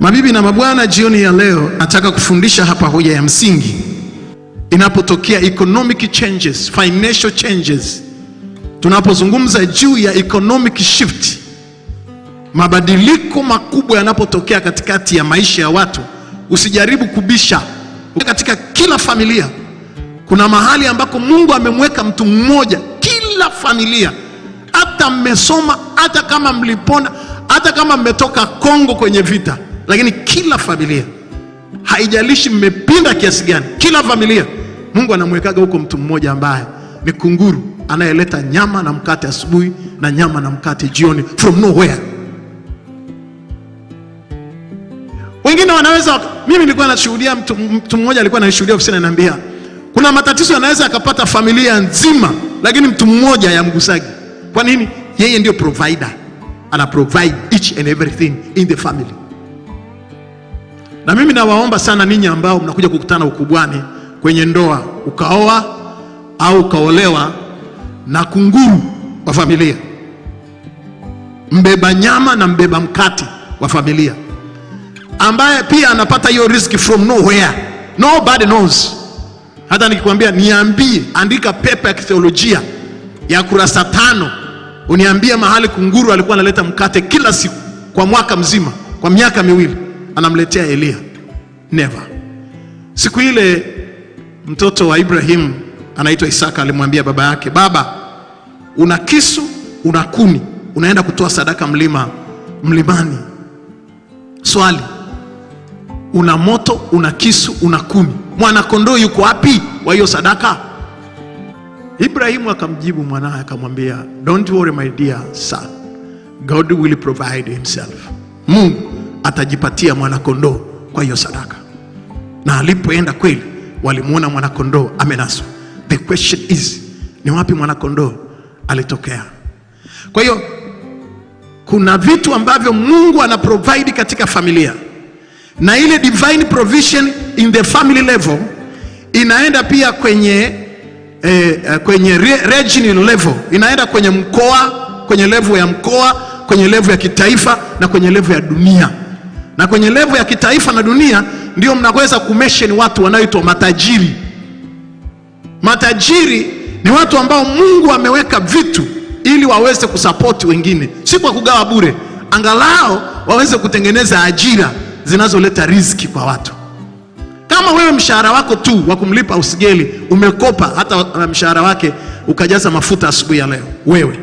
Mabibi na mabwana, jioni ya leo nataka kufundisha hapa hoja ya msingi. Inapotokea economic changes, financial changes, tunapozungumza juu ya economic shift, mabadiliko makubwa yanapotokea katikati ya maisha ya watu, usijaribu kubisha. Katika kila familia kuna mahali ambako Mungu amemweka mtu mmoja, kila familia, hata mmesoma, hata kama mlipona, hata kama mmetoka Kongo kwenye vita lakini kila familia, haijalishi mmepinda kiasi gani, kila familia Mungu anamwekaga huko mtu mmoja ambaye ni kunguru anayeleta nyama na mkate asubuhi na nyama na mkate jioni from nowhere. Wengine wanaweza mimi nilikuwa nashuhudia mtu, mtu mmoja alikuwa ananishuhudia ofisini ananiambia kuna matatizo yanaweza akapata familia nzima, lakini mtu mmoja yamgusagi. Kwa nini? Yeye ndio provider, ana provide each and everything in the family. Na mimi nawaomba sana ninyi ambao mnakuja kukutana ukubwani kwenye ndoa, ukaoa au ukaolewa na kunguru wa familia, mbeba nyama na mbeba mkate wa familia, ambaye pia anapata hiyo risk from nowhere, nobody knows. Hata nikikwambia niambie, andika pepa ya kitheolojia ya kurasa tano, uniambie mahali kunguru alikuwa analeta mkate kila siku kwa mwaka mzima, kwa miaka miwili anamletea Elia. Never. Siku ile mtoto wa Ibrahimu anaitwa Isaka alimwambia baba yake, baba, una kisu, una kuni, unaenda kutoa sadaka mlima mlimani. Swali, una moto, una kisu, una kuni, mwana kondoo yuko wapi wa hiyo sadaka? Ibrahimu akamjibu mwanaye akamwambia, don't worry my dear son, God will provide himself. Mungu atajipatia mwanakondoo kwa hiyo sadaka. Na alipoenda kweli, walimwona mwanakondoo amenaswa. The question is, ni wapi mwanakondoo alitokea? Kwa hiyo kuna vitu ambavyo Mungu ana provide katika familia, na ile divine provision in the family level inaenda pia kwenye eh, eh kwenye regional level, inaenda kwenye mkoa, kwenye level ya mkoa, kwenye level ya kitaifa na kwenye level ya dunia na kwenye levo ya kitaifa na dunia ndio mnaweza kumesheni watu wanaoitwa matajiri. Matajiri ni watu ambao Mungu ameweka vitu ili waweze kusapoti wengine, si kwa kugawa bure, angalau waweze kutengeneza ajira zinazoleta riziki kwa watu. Kama wewe mshahara wako tu wa kumlipa usigeli umekopa hata uh, mshahara wake ukajaza mafuta asubuhi ya leo, wewe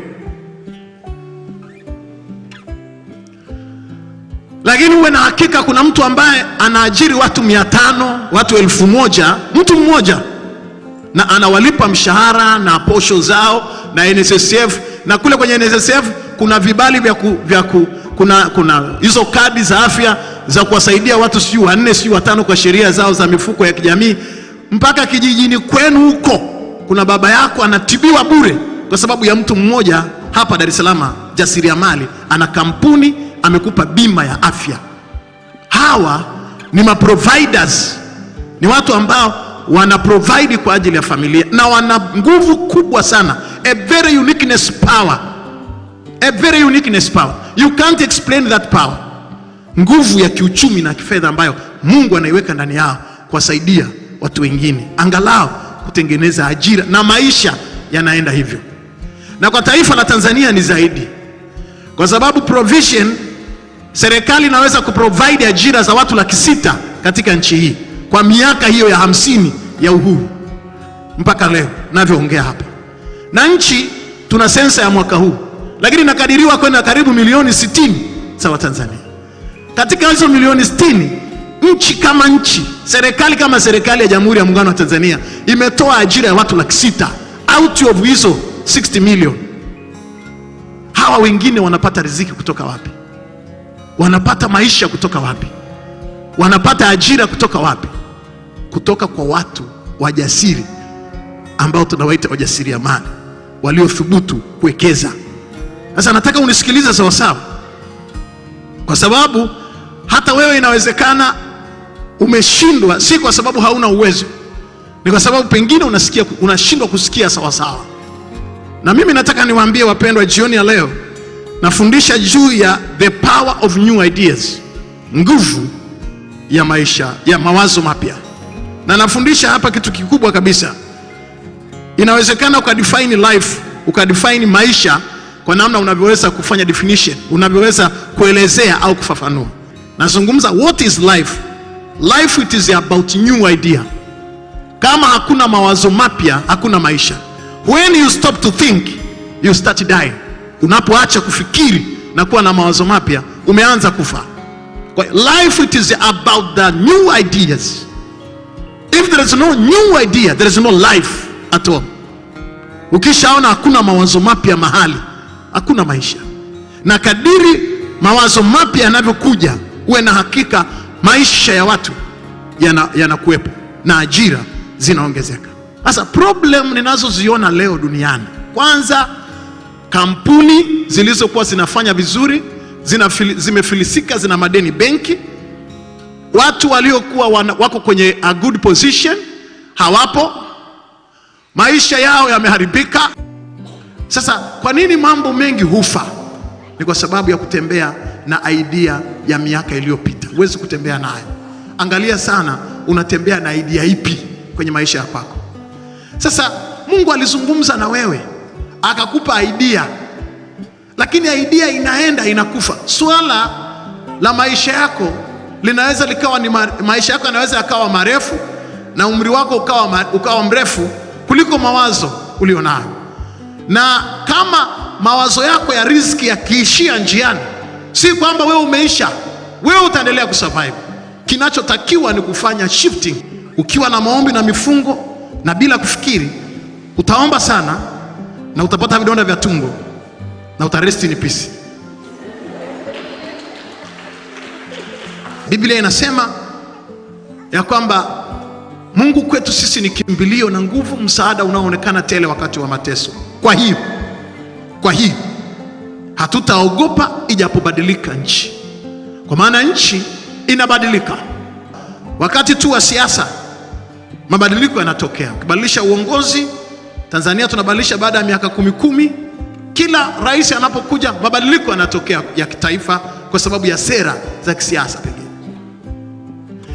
Lakini uwe na hakika, kuna mtu ambaye anaajiri watu mia tano watu elfu moja mtu mmoja, na anawalipa mshahara na posho zao na NSSF, na kule kwenye NSSF kuna vibali vya ku, vya ku, kuna kuna hizo kadi za afya za kuwasaidia watu sijui wanne sijui watano kwa sheria zao za mifuko ya kijamii. Mpaka kijijini kwenu huko kuna baba yako anatibiwa bure kwa sababu ya mtu mmoja. Hapa Dar es Salaam jasiriamali ana kampuni amekupa bima ya afya. Hawa ni maproviders, ni watu ambao wana provide kwa ajili ya familia na wana nguvu kubwa sana, a very uniqueness power, a very uniqueness power, you can't explain that power, nguvu ya kiuchumi na kifedha ambayo Mungu anaiweka ndani yao kuwasaidia watu wengine angalau kutengeneza ajira na maisha yanaenda hivyo, na kwa taifa la Tanzania ni zaidi, kwa sababu provision Serikali inaweza kuprovide ajira za watu laki sita katika nchi hii kwa miaka hiyo ya hamsini ya uhuru mpaka leo navyoongea hapa, na nchi tuna sensa ya mwaka huu, lakini inakadiriwa kwenda karibu milioni sitini za Watanzania. Katika hizo milioni sitini, nchi kama nchi, serikali kama serikali ya Jamhuri ya Muungano wa Tanzania imetoa ajira ya watu laki sita out of hizo 60 million. Hawa wengine wanapata riziki kutoka wapi? Wanapata maisha kutoka wapi? Wanapata ajira kutoka wapi? Kutoka kwa watu wajasiri ambao tunawaita wajasiriamali, waliothubutu kuwekeza. Sasa nataka unisikilize sawasawa, kwa sababu hata wewe inawezekana umeshindwa, si kwa sababu hauna uwezo, ni kwa sababu pengine unasikia unashindwa kusikia sawasawa. Na mimi nataka niwaambie wapendwa, jioni ya leo nafundisha juu ya the power of new ideas, nguvu ya maisha ya mawazo mapya, na nafundisha hapa kitu kikubwa kabisa. Inawezekana ukadefine life, ukadefine maisha kwa namna unavyoweza kufanya definition, unavyoweza kuelezea au kufafanua. Nazungumza what is life? Life it is about new idea. Kama hakuna mawazo mapya, hakuna maisha. When you stop to think, you start dying. Unapoacha kufikiri na kuwa na mawazo mapya, umeanza kufa. Kwa life it is about the new ideas. If there is no new idea, there is no life at all. Ukishaona hakuna mawazo mapya mahali, hakuna maisha. Na kadiri mawazo mapya yanavyokuja, uwe na hakika maisha ya watu yanakuwepo yana na ajira zinaongezeka. Sasa problem ninazoziona leo duniani, kwanza Kampuni zilizokuwa zinafanya vizuri zina zimefilisika, zina madeni benki. Watu waliokuwa wako kwenye a good position hawapo, maisha yao yameharibika. Sasa kwa nini mambo mengi hufa? Ni kwa sababu ya kutembea na idea ya miaka iliyopita. Huwezi kutembea nayo, angalia sana unatembea na idea ipi kwenye maisha ya kwako. Sasa Mungu alizungumza na wewe akakupa idea, lakini idea inaenda inakufa. Swala la maisha yako linaweza likawa ni ma, maisha yako yanaweza yakawa marefu na umri wako ukawa, ukawa mrefu kuliko mawazo ulionayo, na kama mawazo yako ya riziki yakiishia njiani, si kwamba wewe umeisha, wewe utaendelea kusurvive. Kinachotakiwa ni kufanya shifting. Ukiwa na maombi na mifungo na bila kufikiri, utaomba sana na utapata vidonda vya tumbo na utarest ni pisi Biblia inasema ya kwamba Mungu kwetu sisi ni kimbilio na nguvu, msaada unaoonekana tele wakati wa mateso. Kwa hiyo kwa hiyo hatutaogopa ijapobadilika nchi, kwa maana nchi inabadilika. Wakati tu wa siasa mabadiliko yanatokea, ukibadilisha uongozi Tanzania tunabadilisha baada ya miaka kumi kumi. Kila rais anapokuja mabadiliko yanatokea ya kitaifa kwa sababu ya sera za kisiasa pengine,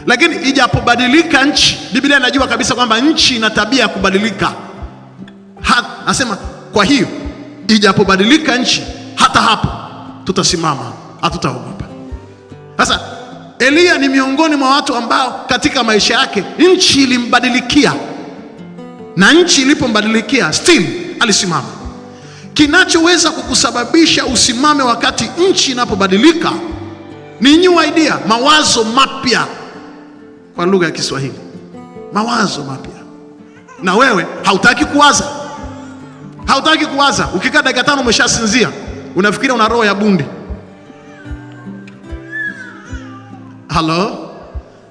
lakini ijapobadilika nchi, Biblia inajua kabisa kwamba nchi ina tabia ya kubadilika. Anasema kwa hiyo ijapobadilika nchi, hata hapo tutasimama, hatutaogopa. Sasa Eliya ni miongoni mwa watu ambao katika maisha yake nchi ilimbadilikia na nchi ilipombadilikia still alisimama. Kinachoweza kukusababisha usimame wakati nchi inapobadilika ni new idea, mawazo mapya, kwa lugha ya Kiswahili, mawazo mapya. Na wewe hautaki kuwaza, hautaki kuwaza. Ukikaa dakika tano umeshasinzia, unafikiria una roho ya bundi. Halo,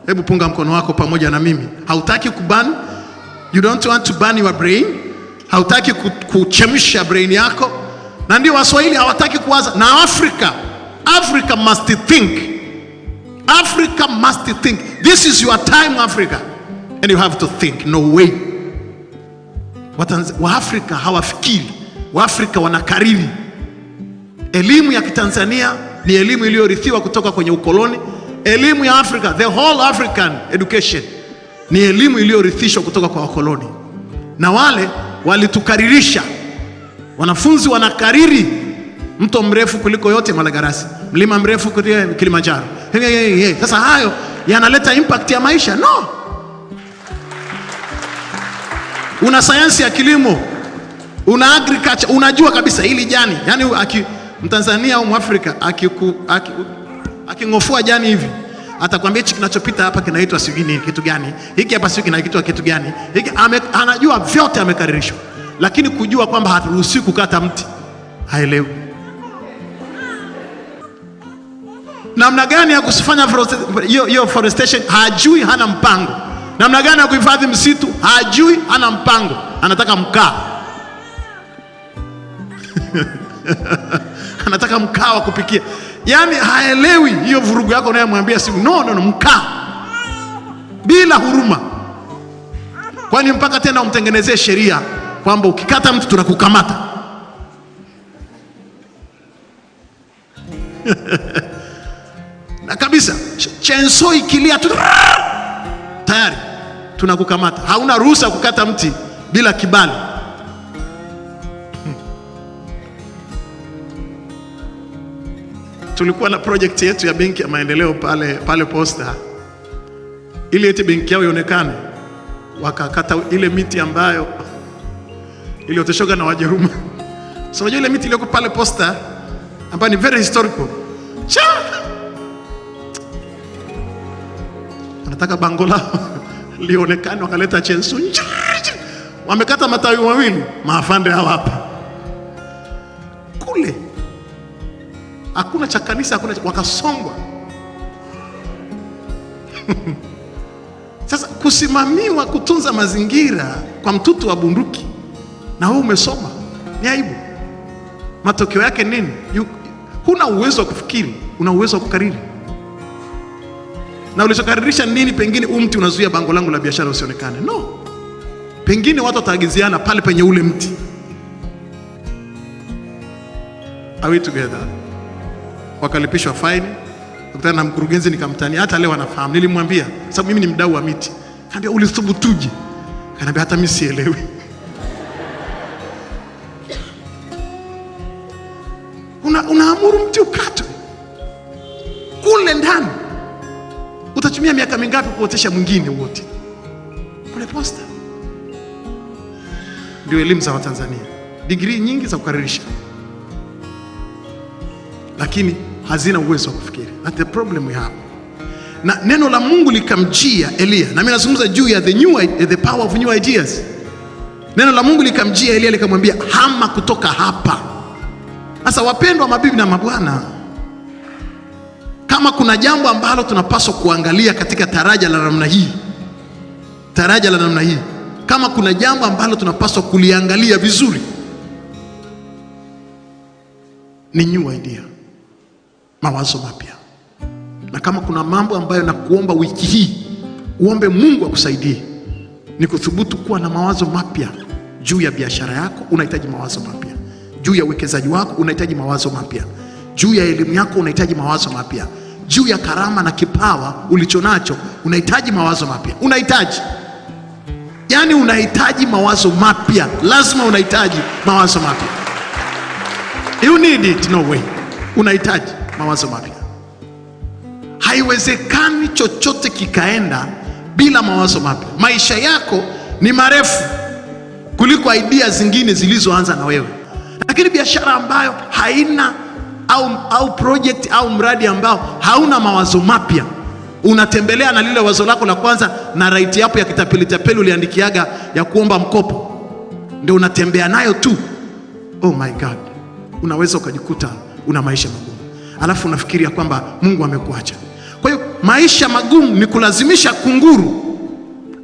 hebu punga mkono wako pamoja na mimi. Hautaki kubani You don't want to burn your brain. Hautaki kuchemsha brain yako, na ndio Waswahili hawataki kuwaza. Na Afrika, Africa must think. Africa must think. This is your time Africa, and you have to think. No way. Waafrika hawafikiri, Waafrika wanakariri. Elimu ya Kitanzania ni elimu iliyorithiwa kutoka kwenye ukoloni. Elimu ya Afrika, the whole African education ni elimu iliyorithishwa kutoka kwa wakoloni, na wale walitukaririsha. Wanafunzi wanakariri mto mrefu kuliko yote Malagarasi, mlima mrefu kuliko Kilimanjaro. Sasa hey, hey, hey. Hayo yanaleta impact ya maisha no? Una sayansi ya kilimo, una agriculture, unajua kabisa hili jani, yani aki Mtanzania au Mwafrika aking'ofua aki, aki jani hivi atakwambia hichi kinachopita hapa kinaitwa sijui ni kitu gani, hiki hapa sijui kinaitwa kitu gani, hiki anajua vyote, amekaririshwa. Lakini kujua kwamba haruhusiwi kukata mti haelewi namna gani ya kusifanya hiyo forestation, hajui, hana mpango. Namna gani ya kuhifadhi msitu, hajui, hana mpango, anataka mkaa anataka mkaa wa kupikia, yaani haelewi hiyo vurugu yako unayomwambia siku. No, no, no, mkaa bila huruma. Kwani mpaka tena umtengenezee sheria kwamba ukikata mtu tunakukamata? na kabisa chenso ikilia tu tayari tunakukamata. Hauna ruhusa kukata mti bila kibali. tulikuwa na project yetu ya benki ya maendeleo pale, pale Posta ili eti benki yao ionekane, wakakata ile miti ambayo ilioteshoka na Wajerumani. So unajua ile miti iliyoko pale Posta ambayo ni very historical cha wanataka bango lao lionekane, wakaleta chensu, wamekata matawi mawili. Maafande hawa hapa kule hakuna cha kanisa, hakuna cha... wakasongwa Sasa kusimamiwa kutunza mazingira kwa mtutu wa bunduki na wewe umesoma ni aibu. Matokeo yake nini? huna uwezo wa kufikiri, una uwezo wa kukariri, na ulichokaririsha nini? Pengine umti unazuia bango langu la biashara usionekane, no. Pengine watu wataagiziana pale penye ule mti. Are we together? wakalipishwa faini. Nikutana na mkurugenzi nikamtania, hata leo anafahamu. Nilimwambia sababu mimi ni mdau wa miti, kaambia ulithubutuje? Kaniambia hata mimi sielewi. Una, unaamuru mti ukatwe kule ndani, utatumia miaka mingapi kuotesha mwingine wote kule posta? Ndio elimu za Watanzania, digrii nyingi za kukaririsha, lakini hazina uwezo wa kufikiri. That the problem we have. Na neno la Mungu likamjia Eliya, na mimi nazungumza juu ya the new, the power of new ideas. Neno la Mungu likamjia Elia likamwambia hama kutoka hapa. Sasa wapendwa, mabibi na mabwana, kama kuna jambo ambalo tunapaswa kuangalia katika taraja la namna hii, taraja la namna hii, kama kuna jambo ambalo tunapaswa kuliangalia vizuri ni new idea mawazo mapya, na kama kuna mambo ambayo nakuomba wiki hii uombe Mungu akusaidie ni kuthubutu kuwa na mawazo mapya juu ya biashara yako, unahitaji mawazo mapya juu ya uwekezaji wako, unahitaji mawazo mapya juu ya elimu yako, unahitaji mawazo mapya juu ya karama na kipawa ulichonacho, unahitaji mawazo mapya. Unahitaji yani, unahitaji mawazo mapya, lazima unahitaji mawazo mapya. You need it, no way. Unahitaji mawazo mapya. Haiwezekani chochote kikaenda bila mawazo mapya. Maisha yako ni marefu kuliko idea zingine zilizoanza na wewe, lakini biashara ambayo haina au, au project au mradi ambao hauna mawazo mapya unatembelea na lile wazo lako la kwanza na raiti yapo ya kitapelitapeli uliandikiaga ya kuomba mkopo, ndio unatembea nayo tu. Oh my God, unaweza ukajikuta una maisha alafu unafikiria kwamba Mungu amekuacha. Kwa hiyo maisha magumu ni kulazimisha kunguru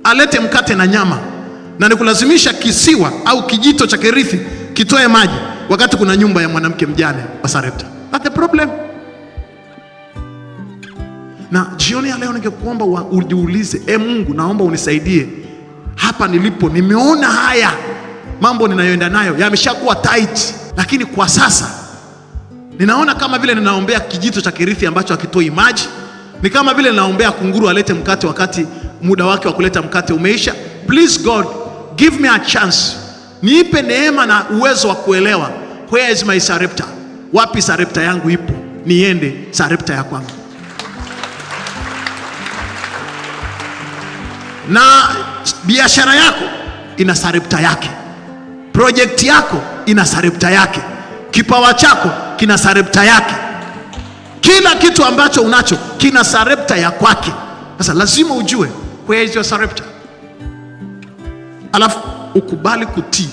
alete mkate na nyama, na ni kulazimisha kisiwa au kijito cha Kerithi kitoe maji, wakati kuna nyumba ya mwanamke mjane wa Sarepta. That's the problem. Na jioni ya leo ningekuomba ujiulize, e Mungu, naomba unisaidie hapa nilipo. Nimeona haya mambo ninayoenda nayo yameshakuwa tight, lakini kwa sasa Ninaona kama vile ninaombea kijito cha kirithi ambacho hakitoi maji. Ni kama vile ninaombea kunguru alete mkate wakati muda wake wa kuleta mkate umeisha. Please God, give me a chance. Niipe neema na uwezo wa kuelewa. Where is my Sarepta? Wapi Sarepta yangu ipo? Niende Sarepta ya kwangu. Na biashara yako ina Sarepta yake. Projekti yako ina Sarepta yake. Kipawa chako kina sarepta yake. Kila kitu ambacho unacho kina sarepta ya kwake. Sasa lazima ujue where is your sarepta, alafu ukubali kutii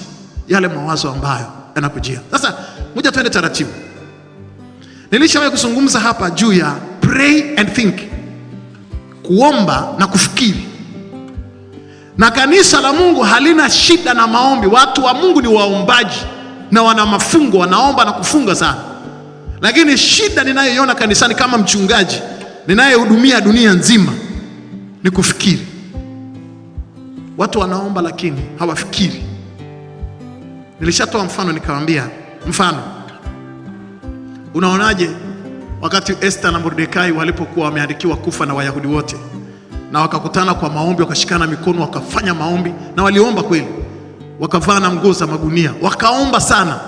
yale mawazo ambayo yanakujia. Sasa moja, twende taratibu. Nilishawahi kuzungumza hapa juu ya pray and think, kuomba na kufikiri, na kanisa la Mungu halina shida na maombi. Watu wa Mungu ni waombaji na wana mafungo, wanaomba na kufunga sana lakini shida ninayoiona kanisani kama mchungaji ninayehudumia dunia nzima ni kufikiri. Watu wanaomba lakini hawafikiri. Nilishatoa mfano nikawaambia, mfano unaonaje wakati Esther na Mordekai walipokuwa wameandikiwa kufa na Wayahudi wote na wakakutana kwa maombi, wakashikana mikono, wakafanya maombi na waliomba kweli, wakavaa na nguo za magunia, wakaomba sana,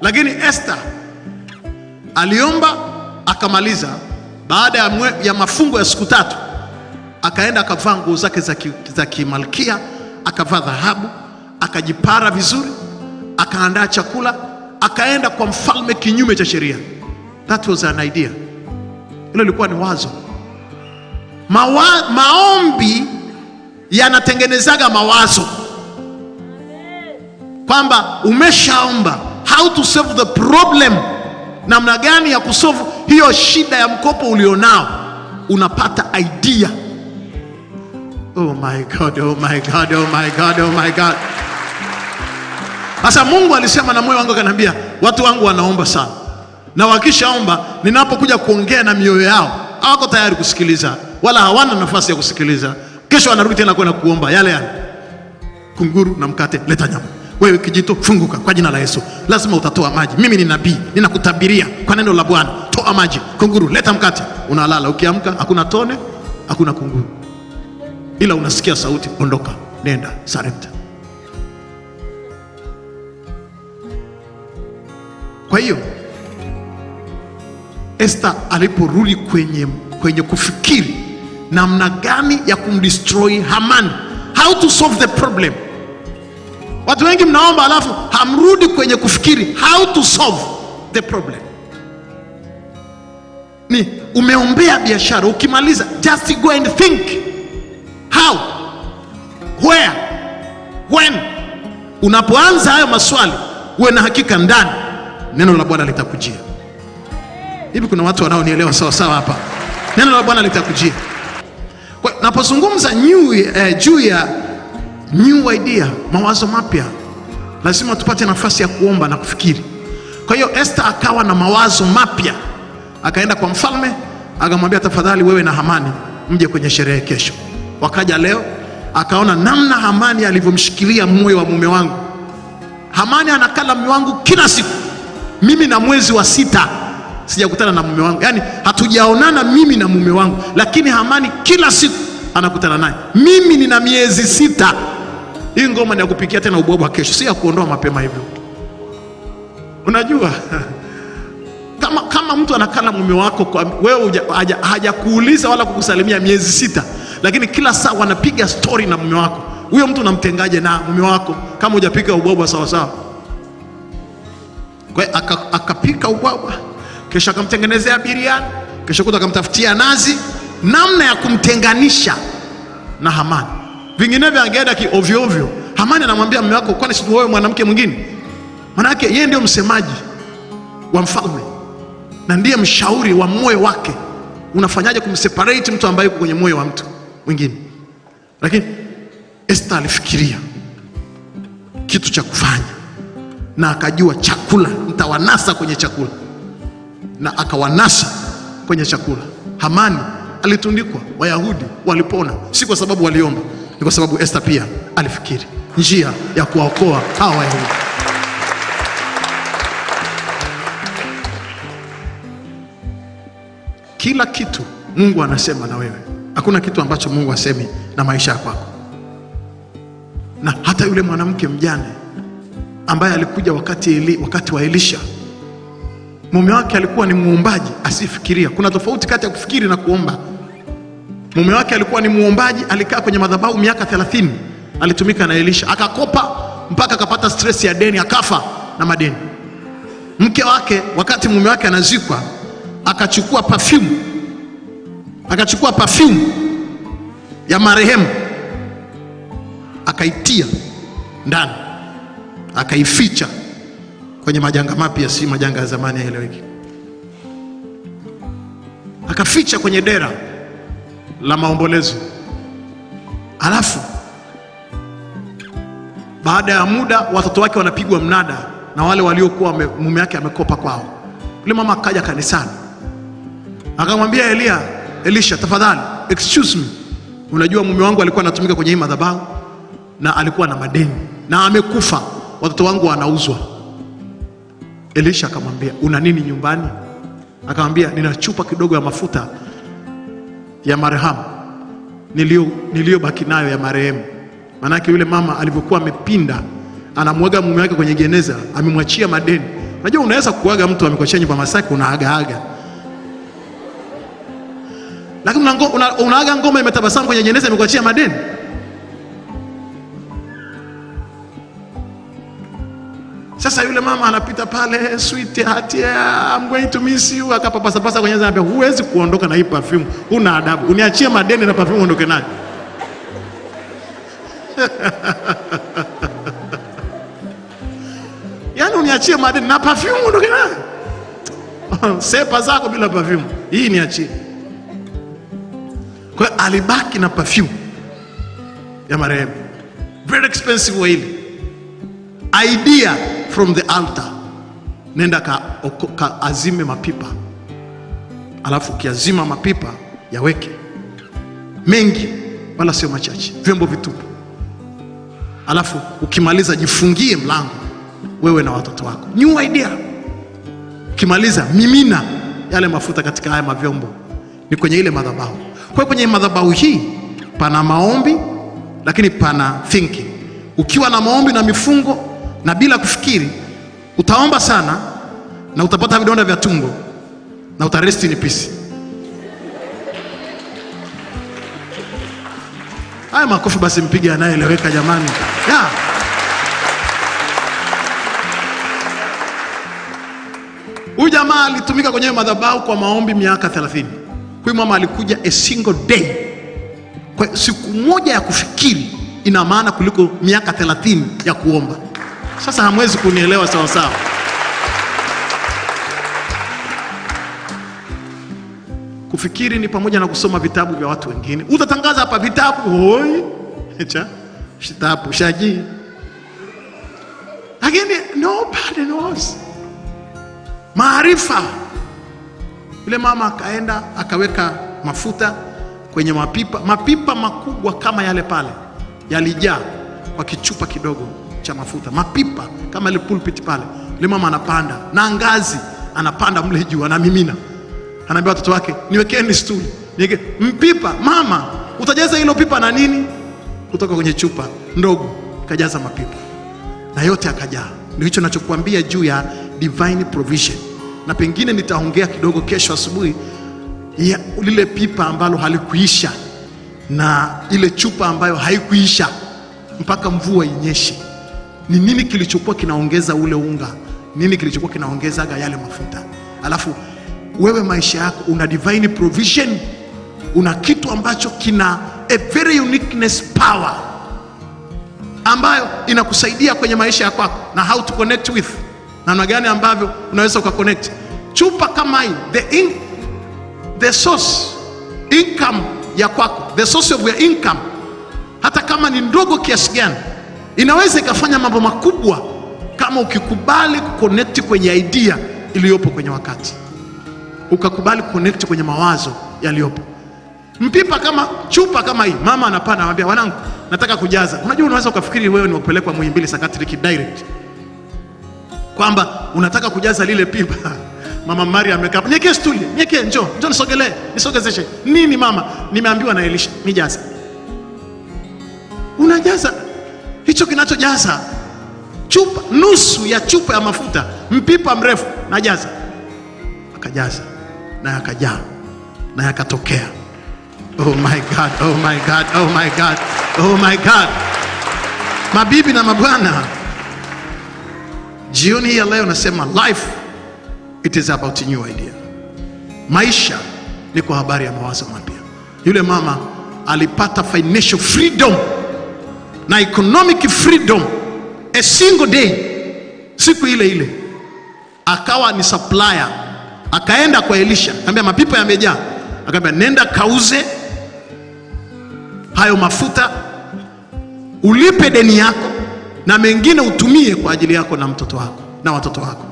lakini Esther Aliomba akamaliza. Baada ya, mwe, ya mafungo ya siku tatu akaenda akavaa nguo zake za kimalkia, akavaa dhahabu, akajipara vizuri, akaandaa chakula, akaenda kwa mfalme kinyume cha sheria. That was an idea. Hilo lilikuwa ni wazo. Mawa, maombi yanatengenezaga mawazo kwamba umeshaomba, how to solve the problem namna gani ya kusovu hiyo shida ya mkopo ulionao, unapata idea. Oh my God, oh my God, oh my God, oh my God. Sasa Mungu alisema na moyo wangu akaniambia, watu wangu wanaomba sana, na wakishaomba, ninapokuja kuongea na mioyo yao hawako tayari kusikiliza, wala hawana nafasi ya kusikiliza. Kesho wanarudi tena kwenda kuomba yale yale, kunguru na mkate, leta nyama. Wewe kijito funguka kwa jina la Yesu, lazima utatoa maji. Mimi ni nabii, ninakutabiria kwa neno la Bwana, toa maji. Kunguru, leta mkate. Unalala, ukiamka hakuna tone, hakuna kunguru, ila unasikia sauti, ondoka, nenda, sarepta. Kwa hiyo Esta aliporudi kwenye, kwenye kufikiri namna gani ya kumdestroy Hamani, how to solve the problem Watu wengi mnaomba alafu hamrudi kwenye kufikiri how to solve the problem. Ni umeombea biashara, ukimaliza just go and think how, where, when. Unapoanza hayo maswali, uwe na hakika ndani neno la Bwana litakujia. Hivi kuna watu wanaonielewa sawa sawa hapa? Neno la Bwana litakujia. Kwa napozungumza eh, juu ya new idea, mawazo mapya, lazima tupate nafasi ya kuomba na kufikiri. Kwa hiyo Esther akawa na mawazo mapya, akaenda kwa mfalme akamwambia, tafadhali wewe na Hamani mje kwenye sherehe kesho. Wakaja leo, akaona namna Hamani alivyomshikilia moyo wa mume wangu. Hamani anakala mume wangu kila siku, mimi na mwezi wa sita sijakutana na mume wangu, yaani hatujaonana mimi na mume wangu, lakini Hamani kila siku anakutana naye. Mimi nina miezi sita hii ngoma ni ya kupikia tena ubwabwa kesho, si ya kuondoa mapema hivyo. Unajua kama, kama mtu anakana mume wako kwa wewe hajakuuliza wala kukusalimia miezi sita, lakini kila saa wanapiga stori na mume wako, huyo mtu unamtengaje na mume wako kama hujapika ubwabwa sawasawa? Kwa hiyo akapika ubwabwa, kesho akamtengenezea biriani, kesho kuta akamtafutia nazi, namna ya kumtenganisha na Hamani vinginevyo angeenda kiovyo ovyo. Hamani anamwambia mume wako, kwani si wewe mwanamke mwingine? Manake yeye ndio msemaji wa mfalme na ndiye mshauri wa moyo wake. Unafanyaje kumseparate mtu ambaye yuko kwenye moyo wa mtu mwingine? Lakini Esther alifikiria kitu cha kufanya na akajua chakula, nitawanasa kwenye chakula, na akawanasa kwenye chakula. Hamani alitundikwa, Wayahudi walipona, si kwa sababu waliomba ni kwa sababu Esther pia alifikiri njia ya kuwaokoa hawa Wayahudi. Kila kitu Mungu anasema na wewe, hakuna kitu ambacho Mungu asemi na maisha ya kwako. Na hata yule mwanamke mjane ambaye alikuja wakati, ili, wakati wa Elisha mume wake alikuwa ni muombaji asifikiria. Kuna tofauti kati ya kufikiri na kuomba. Mume wake alikuwa ni muombaji, alikaa kwenye madhabahu miaka 30, alitumika na Elisha, akakopa mpaka akapata stress ya deni, akafa na madeni. Mke wake wakati mume wake anazikwa, akachukua perfume, akachukua perfume ya marehemu akaitia ndani, akaificha kwenye majanga mapya, si majanga ya zamani yaeleweki, akaficha kwenye dera la maombolezo. Alafu baada ya muda watoto wake wanapigwa mnada na wale waliokuwa mume yake amekopa kwao. Yule mama akaja kanisani akamwambia Elia, Elisha, tafadhali excuse me, unajua mume wangu alikuwa anatumika kwenye hii madhabahu na alikuwa na madeni na amekufa, watoto wangu wanauzwa. Elisha akamwambia una nini nyumbani? Akamwambia nina chupa kidogo ya mafuta ya marhamu niliyobaki nayo ya marehemu. Maanake yule mama alivyokuwa amepinda anamwaga mume wake kwenye jeneza, amemwachia madeni. Unajua, unaweza kuaga mtu amekuachia nyumba Masaki, unaagaaga, lakini unaaga ngoma imetabasamu kwenye jeneza, imekuachia madeni. Sasa yule mama anapita pale, sweetheart, yeah, I'm going to miss you, akapapasapasa kwenye zambi. Huwezi kuondoka na hii perfume, huna adabu, uniachie madeni na perfume uondoke nayo yaani uniachie madeni na perfume uondoke nayo sepa zako bila perfume, hii niachie. Kwa hiyo alibaki na perfume ya marehemu, very expensive oil. idea from the altar, nenda kaazime ka mapipa, alafu ukiazima mapipa yaweke mengi, wala sio machache, vyombo vitupu. Alafu ukimaliza jifungie mlango, wewe na watoto wako. New idea. Ukimaliza mimina yale mafuta katika haya mavyombo, ni kwenye ile madhabahu. Kwa kwenye madhabahu hii pana maombi, lakini pana thinking. Ukiwa na maombi na mifungo na bila kufikiri utaomba sana na utapata vidonda vya tumbo na utaresti in peace Haya makofi basi, mpige anayeeleweka jamani, yeah. Huyu jamaa alitumika kwenye madhabahu kwa maombi miaka 30. Huyu mama alikuja a single day, kwa siku moja ya kufikiri ina maana kuliko miaka 30 ya kuomba. Sasa hamwezi kunielewa sawa sawa. Kufikiri ni pamoja na kusoma vitabu vya watu wengine. Utatangaza hapa vitabu hoi shitabu shaji, lakini nobody knows maarifa. Yule mama akaenda akaweka mafuta kwenye mapipa, mapipa makubwa kama yale pale yalijaa kwa kichupa kidogo cha mafuta, mapipa kama ile pulpit pale. Yule mama anapanda na ngazi, anapanda mle juu, anamimina, anaambia watoto wake, niwekeni stuli, niweke mpipa. Mama, utajaza hilo pipa na nini? Kutoka kwenye chupa ndogo kajaza mapipa na yote akajaa. Ndio hicho ninachokuambia juu ya divine provision, na pengine nitaongea kidogo kesho asubuhi ya lile pipa ambalo halikuisha na ile chupa ambayo haikuisha mpaka mvua inyeshe ni nini kilichokuwa kinaongeza ule unga, nini kilichokuwa kinaongezaga yale mafuta. Alafu wewe maisha yako una divine provision, una kitu ambacho kina a very uniqueness power ambayo inakusaidia kwenye maisha ya kwako, na how to connect with, namna gani ambavyo unaweza ukaconnect. Chupa kama hii the, in, the source income ya kwako, the source of your income, hata kama ni ndogo kiasi gani inaweza ikafanya mambo makubwa kama ukikubali kuconnect kwenye idea iliyopo kwenye wakati, ukakubali kuconnect kwenye mawazo yaliyopo. Mpipa kama chupa kama hii, mama anapaa, anamwambia wanangu, nataka kujaza. Unajua, unaweza ukafikiri wewe ni upelekwa Muhimbili Psychiatric direct kwamba unataka kujaza lile pipa. Mama Maria amekaa, nyeke stuli, nyeke, njoo njoo, nisogelee, nisogezeshe. Nini mama? Nimeambiwa na Elisha nijaza. Unajaza hicho kinachojaza chupa, nusu ya chupa ya mafuta, mpipa mrefu najaza, akajaza na akajaa na yakatokea. Oh my God, oh my God, oh my God, oh my God. Mabibi na mabwana, jioni hii ya leo nasema life it is about a new idea. Maisha ni kwa habari ya mawazo mapya. Yule mama alipata financial freedom na economic freedom a single day, siku ile ile akawa ni supplier, akaenda kwa Elisha akamwambia mapipa yamejaa, akamwambia nenda kauze hayo mafuta ulipe deni yako na mengine utumie kwa ajili yako na mtoto wako na watoto wako.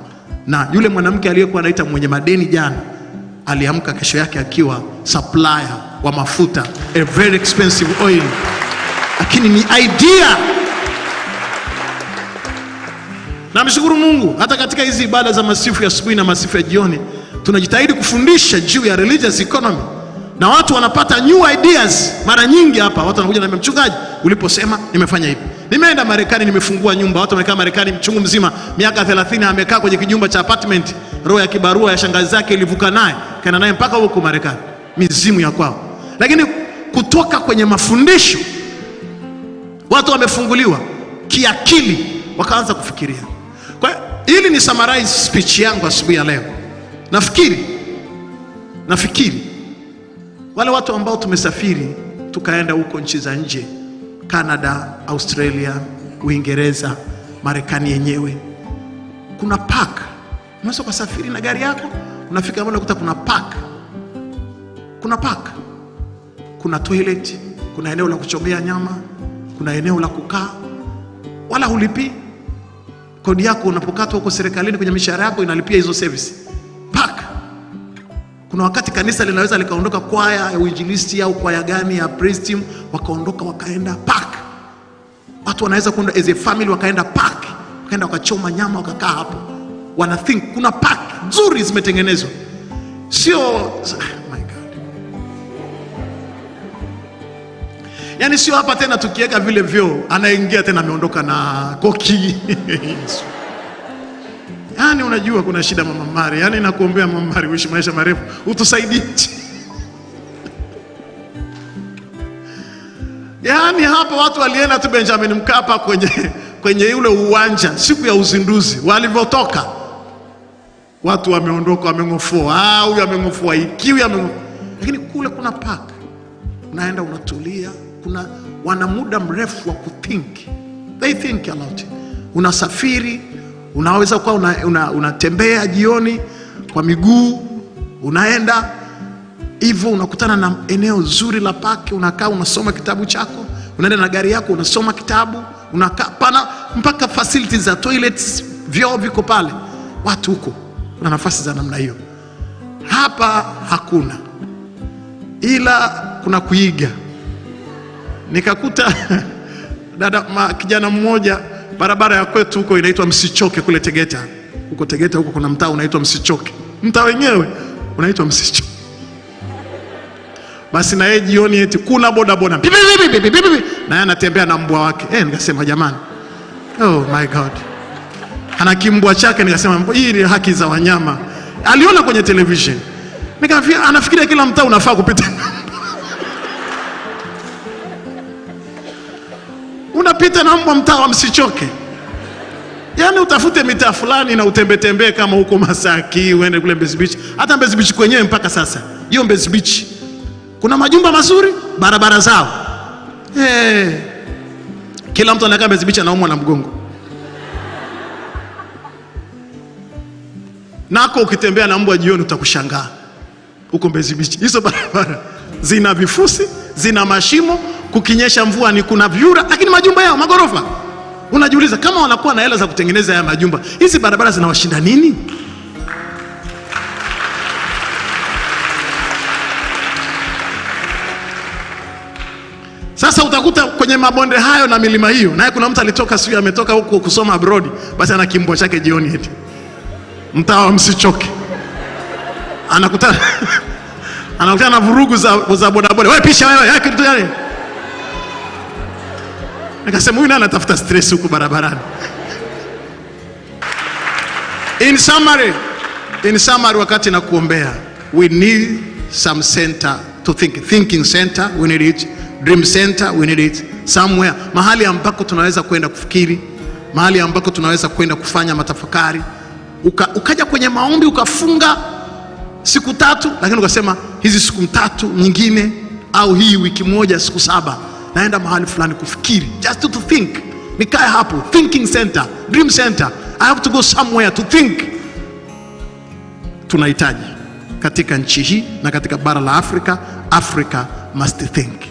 Na yule mwanamke aliyekuwa anaita mwenye madeni jana aliamka kesho yake akiwa supplier wa mafuta, a very expensive oil lakini ni idea. Namshukuru Mungu hata katika hizi ibada za masifu ya asubuhi na masifu ya jioni tunajitahidi kufundisha juu ya religious economy, na watu wanapata new ideas. Mara nyingi hapa watu wanakuja na mchungaji, uliposema nimefanya hivi Nimeenda Marekani nimefungua nyumba, watu wamekaa Marekani mchungu mzima miaka 30, amekaa kwenye kijumba cha apartment. Roho ya kibarua ya shangazi zake ilivuka naye kana naye mpaka huko Marekani, mizimu ya kwao. Lakini kutoka kwenye mafundisho watu wamefunguliwa kiakili, wakaanza kufikiria. Kwa hili ni summarize speech yangu asubuhi ya leo. Nafikiri nafikiri wale watu ambao tumesafiri tukaenda huko nchi za nje, Canada, Australia, Uingereza, Marekani yenyewe, kuna park. Unaweza ukasafiri na gari yako, unafika hapo unakuta kuna park, kuna park, kuna toilet, kuna eneo la kuchomea nyama kuna eneo la kukaa, wala hulipii kodi yako. Unapokatwa huko serikalini kwenye mishahara yako inalipia hizo service pak Kuna wakati kanisa linaweza likaondoka kwaya ya uinjilisti au kwaya gani ya praise team, wakaondoka wakaenda pak Watu wanaweza kwenda as a family wakaenda pak wakaenda wakachoma nyama, wakakaa hapo wana think. Kuna pak nzuri zimetengenezwa, sio Yaani sio hapa tena, tukiweka vile vyoo anaingia tena, ameondoka na koki yaani unajua kuna shida mama Mari, yaani nakuombea mama Mari, uishi maisha marefu, utusaidie yaani hapa watu walienda tu Benjamin Mkapa kwenye kwenye ule uwanja siku ya uzinduzi, walivyotoka watu wameondoka, wameng'ofoa, ah, huyu ameng'ofoa hiki, huyu ameng'ofoa, lakini kule kuna paka, unaenda unatulia kuna wana muda mrefu wa kuthink they think a lot. Unasafiri, unaweza kuwa unatembea una, una jioni kwa miguu unaenda hivyo, unakutana na eneo zuri la pake unakaa unasoma kitabu chako, unaenda na gari yako unasoma kitabu, unakaa pana mpaka facility za toilets, vyoo viko pale, watu huko, kuna nafasi za namna hiyo. Hapa hakuna, ila kuna kuiga nikakuta dada ma, kijana mmoja barabara ya kwetu huko inaitwa Msichoke kule Tegeta. Huko Tegeta huko kuna mtaa unaitwa Msichoke, mtaa wenyewe unaitwa Msichoke. Basi na yeye jioni, eti kuna bodaboda na yeye anatembea na mbwa wake eh, nikasema jamani, oh my god, ana kimbwa chake. Nikasema hii ni haki za wanyama, aliona kwenye television. Nikafikiria anafikiria kila mtaa unafaa kupita unapita na mbwa mtaa, msichoke. Yaani utafute mitaa fulani na utembetembee kama huko Masaki, uende kule Mbezi Beach. Hata Mbezi Beach kwenyewe mpaka sasa hiyo Mbezi Beach kuna majumba mazuri, barabara zao hey. Eh, kila mtu anakaa Mbezi Beach anaumwa na mgongo nako ukitembea na mbwa jioni utakushangaa huko Mbezi Beach, hizo barabara zina vifusi zina mashimo, kukinyesha mvua ni kuna vyura, lakini majumba yao magorofa. Unajiuliza, kama wanakuwa na hela za kutengeneza haya majumba, hizi barabara zinawashinda nini? Sasa utakuta kwenye mabonde hayo na milima hiyo, naye kuna mtu alitoka, sio ametoka huko kusoma abroad, basi ana kimbwa chake jioni, eti mtawa msichoke, anakutana anakutana na vurugu za, za bodaboda, wewe pisha wewe, kitu gani? Nikasema huyu nani anatafuta stress huku barabarani? In summary, in summary, wakati na kuombea, we need some center to think, thinking center we need it, dream center we need it somewhere, mahali ambako tunaweza kwenda kufikiri, mahali ambako tunaweza kwenda kufanya matafakari, uka, ukaja kwenye maombi ukafunga siku tatu, lakini ukasema hizi siku tatu nyingine au hii wiki moja, siku saba naenda mahali fulani kufikiri, just to think, nikae hapo thinking center, dream center. I have to go somewhere to think. Tunahitaji katika nchi hii na katika bara la Afrika, Africa must think.